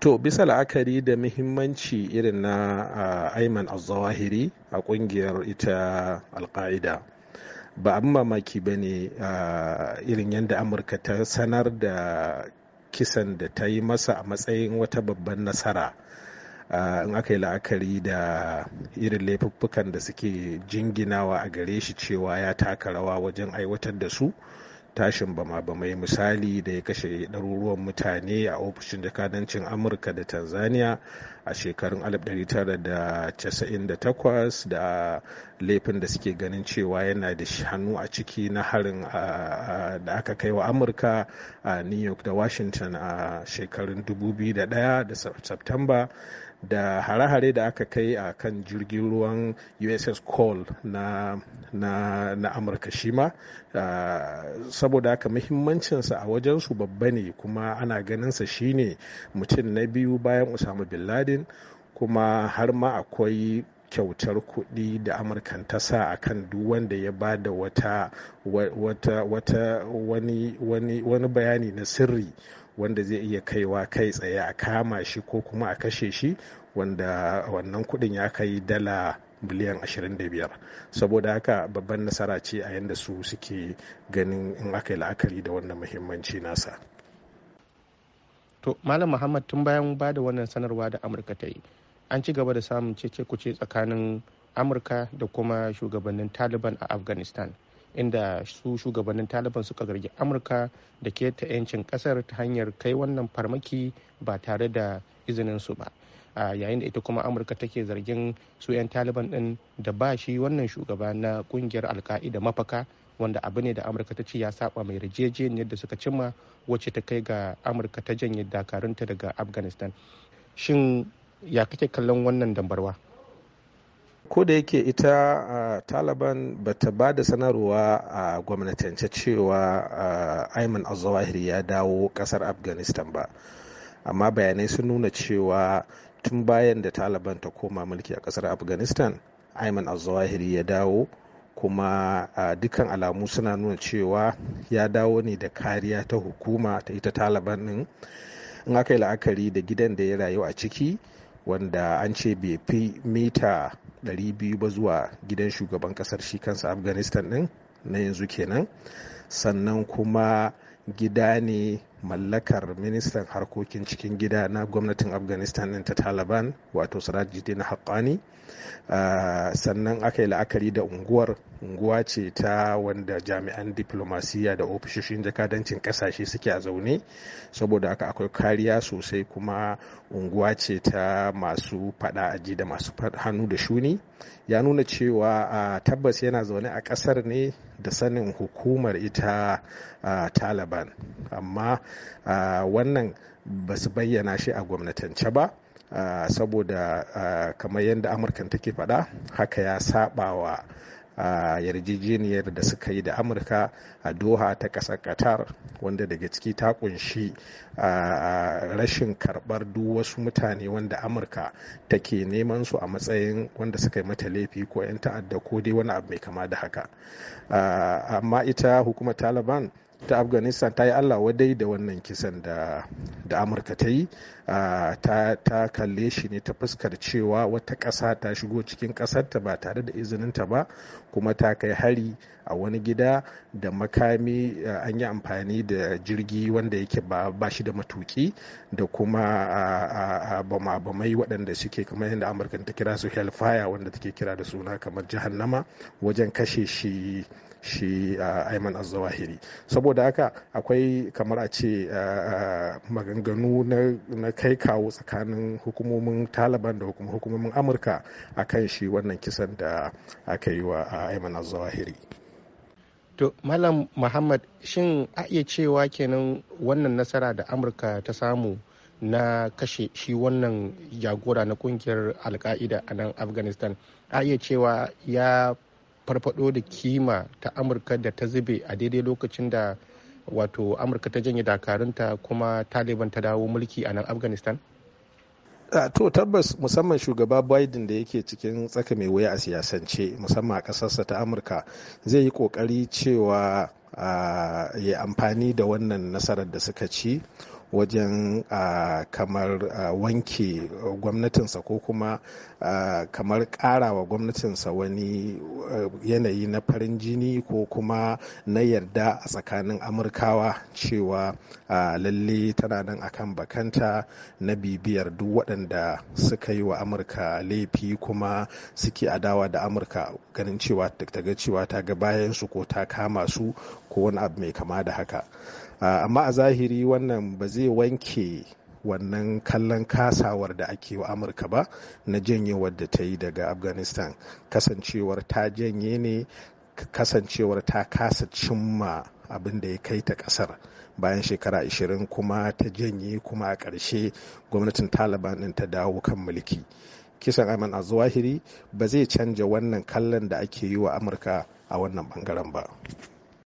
to bisa la'akari da muhimmanci irin na aiman azawahiri a kungiyar ita alka'ida ba an mamaki ba ne irin yadda amurka ta sanar da kisan da ta yi masa a matsayin wata babban nasara in aka yi la'akari da irin laifuffukan da suke jinginawa a gare shi cewa ya taka rawa wajen aiwatar da su tashin bama-bamai misali da ya kashe ɗaruruwan mutane a ofishin jakadancin amurka da tanzania a shekarun 1998 da laifin da suke ganin cewa yana da hannu a ciki na harin da aka kai wa amurka a new york da washington a shekarun 2001 da september da hare-hare da aka kai a kan jirgin ruwan uss cole na, na, na amurka shi ma uh, saboda haka muhimmancinsa a wajensu babba ne kuma ana ganinsa shine mutum na biyu bayan usama bin laden kuma har ma akwai kyautar kuɗi da amurkan ta sa a kan duk wanda ya ba da wata, wani bayani na sirri wanda zai iya kaiwa kai tsaye a kama shi ko kuma a kashe shi wanda wannan kudin ya kai dala biliyan 25 saboda haka babban nasara ce a yadda su suke ganin in aka yi la'akari da wannan muhimmanci nasa to malam muhammad tun bayan ba da wannan sanarwa da amurka ta yi an ci gaba da samun cece kuce tsakanin amurka da kuma shugabannin taliban a afghanistan inda su shugabannin taliban suka zargi amurka da ke ta 'yancin kasar ta hanyar kai wannan farmaki ba tare da izinin su ba a yayin da ita kuma amurka take zargin su 'yan taliban din da ba shi wannan shugaba na kungiyar alka'ida mafaka wanda abu ne da amurka ta ce ya saba mai yarjejeniyar da suka cimma wacce ta kai ga amurka ta janye dakarunta daga afghanistan shin ya kake kallon wannan dambarwa ko da yake ita uh, taliban ba ta ba da sanarwa a uh, gwamnatance cewa uh, ayman zawahiri ya dawo kasar afghanistan ba amma bayanai sun nuna cewa tun bayan da taliban ta koma mulki a kasar afghanistan ayman az-zawahiri ya dawo kuma uh, dukkan alamu suna nuna cewa ya dawo ne da kariya ta hukuma ta ita taliban din in aka yi la'akari da gidan da ya rayu a ciki wanda an ce bai fi mita 200 ba zuwa gidan shugaban kasar shi kansa afghanistan din na yanzu kenan sannan kuma gida ne mallakar ministan harkokin cikin gida na gwamnatin afghanistan din ta taliban wato na haqqani ah, sannan aka yi la'akari da unguwar unguwa ce ta wanda jami'an diplomasiya da ofishoshin jakadancin kasashe suke a zaune saboda aka akwai kariya sosai kuma unguwa ce ta masu fada aji da masu hannu da shuni ya nuna cewa a ah, tabbas yana zaune a kasar ne da sanin hukumar ita ah, taliban amma wannan ba su bayyana shi a gwamnatance ba saboda kamar yadda amurkan take faɗa haka ya saba wa yarjejeniyar da suka yi da amurka a doha ta ƙasar qatar wanda daga ciki ta kunshi rashin karɓar duk wasu mutane wanda amurka take neman su a matsayin wanda suka yi mata laifi ko 'yan ta'adda ko dai wani abu mai kama da haka amma ita hukumar taliban ta afghanistan ta yi allah wadai da wannan kisan da amurka ta yi ta kalle shi ne ta fuskar cewa wata ƙasa ta shigo cikin ƙasarta ba tare da izinin ta ba kuma ta kai hari a wani gida da makami an yi amfani da jirgi wanda yake ba shi da matuki da kuma bama-bamai waɗanda suke kamar yadda amurka ta kira su hellfire wanda take kira da suna kamar jahannama wajen kashe shi shi Ayman azawahiri saboda haka akwai kamar a ce maganganu na kai kawo tsakanin hukumomin Taliban da hukumomin Amurka a kan shi wannan kisan da aka yi wa Ayman azawahiri. To Malam Muhammad shin a iya cewa kenan wannan nasara da Amurka ta samu na kashe shi wannan jagora na kungiyar alka'ida a nan afghanistan a iya cewa ya farfado da kima ta amurka da ta zube a daidai lokacin da wato amurka ta janye dakarunta kuma taliban ta dawo mulki a nan afghanistan to tabbas musamman shugaba biden da yake cikin tsaka mai wuya a siyasance musamman a ƙasarsa ta amurka zai yi ƙoƙari cewa ya amfani da wannan nasarar da suka ci wajen kamar wanke gwamnatinsa ko kuma kamar karawa gwamnatinsa wani yanayi na farin jini ko kuma na yarda a tsakanin amurkawa cewa lalle tana nan akan bakanta na bibiyar duk waɗanda suka yi wa amurka laifi kuma suke adawa da amurka ganin cewa ta ga cewa ta ga bayan su ko ta kama su ko wani abu mai kama da haka amma a zahiri wannan ba zai wanke wannan kallon kasawar da ake wa amurka ba na janyewar da ta yi daga afghanistan kasancewar ta janye ne kasancewar ta kasa cimma abin da ya kai ta kasar bayan shekara 20 kuma ta janye kuma a ƙarshe gwamnatin taliban ɗin ta dawo kan mulki kisan aman a zuwahiri ba zai canja wannan kallon da ake yi wa amurka a wannan bangaren ba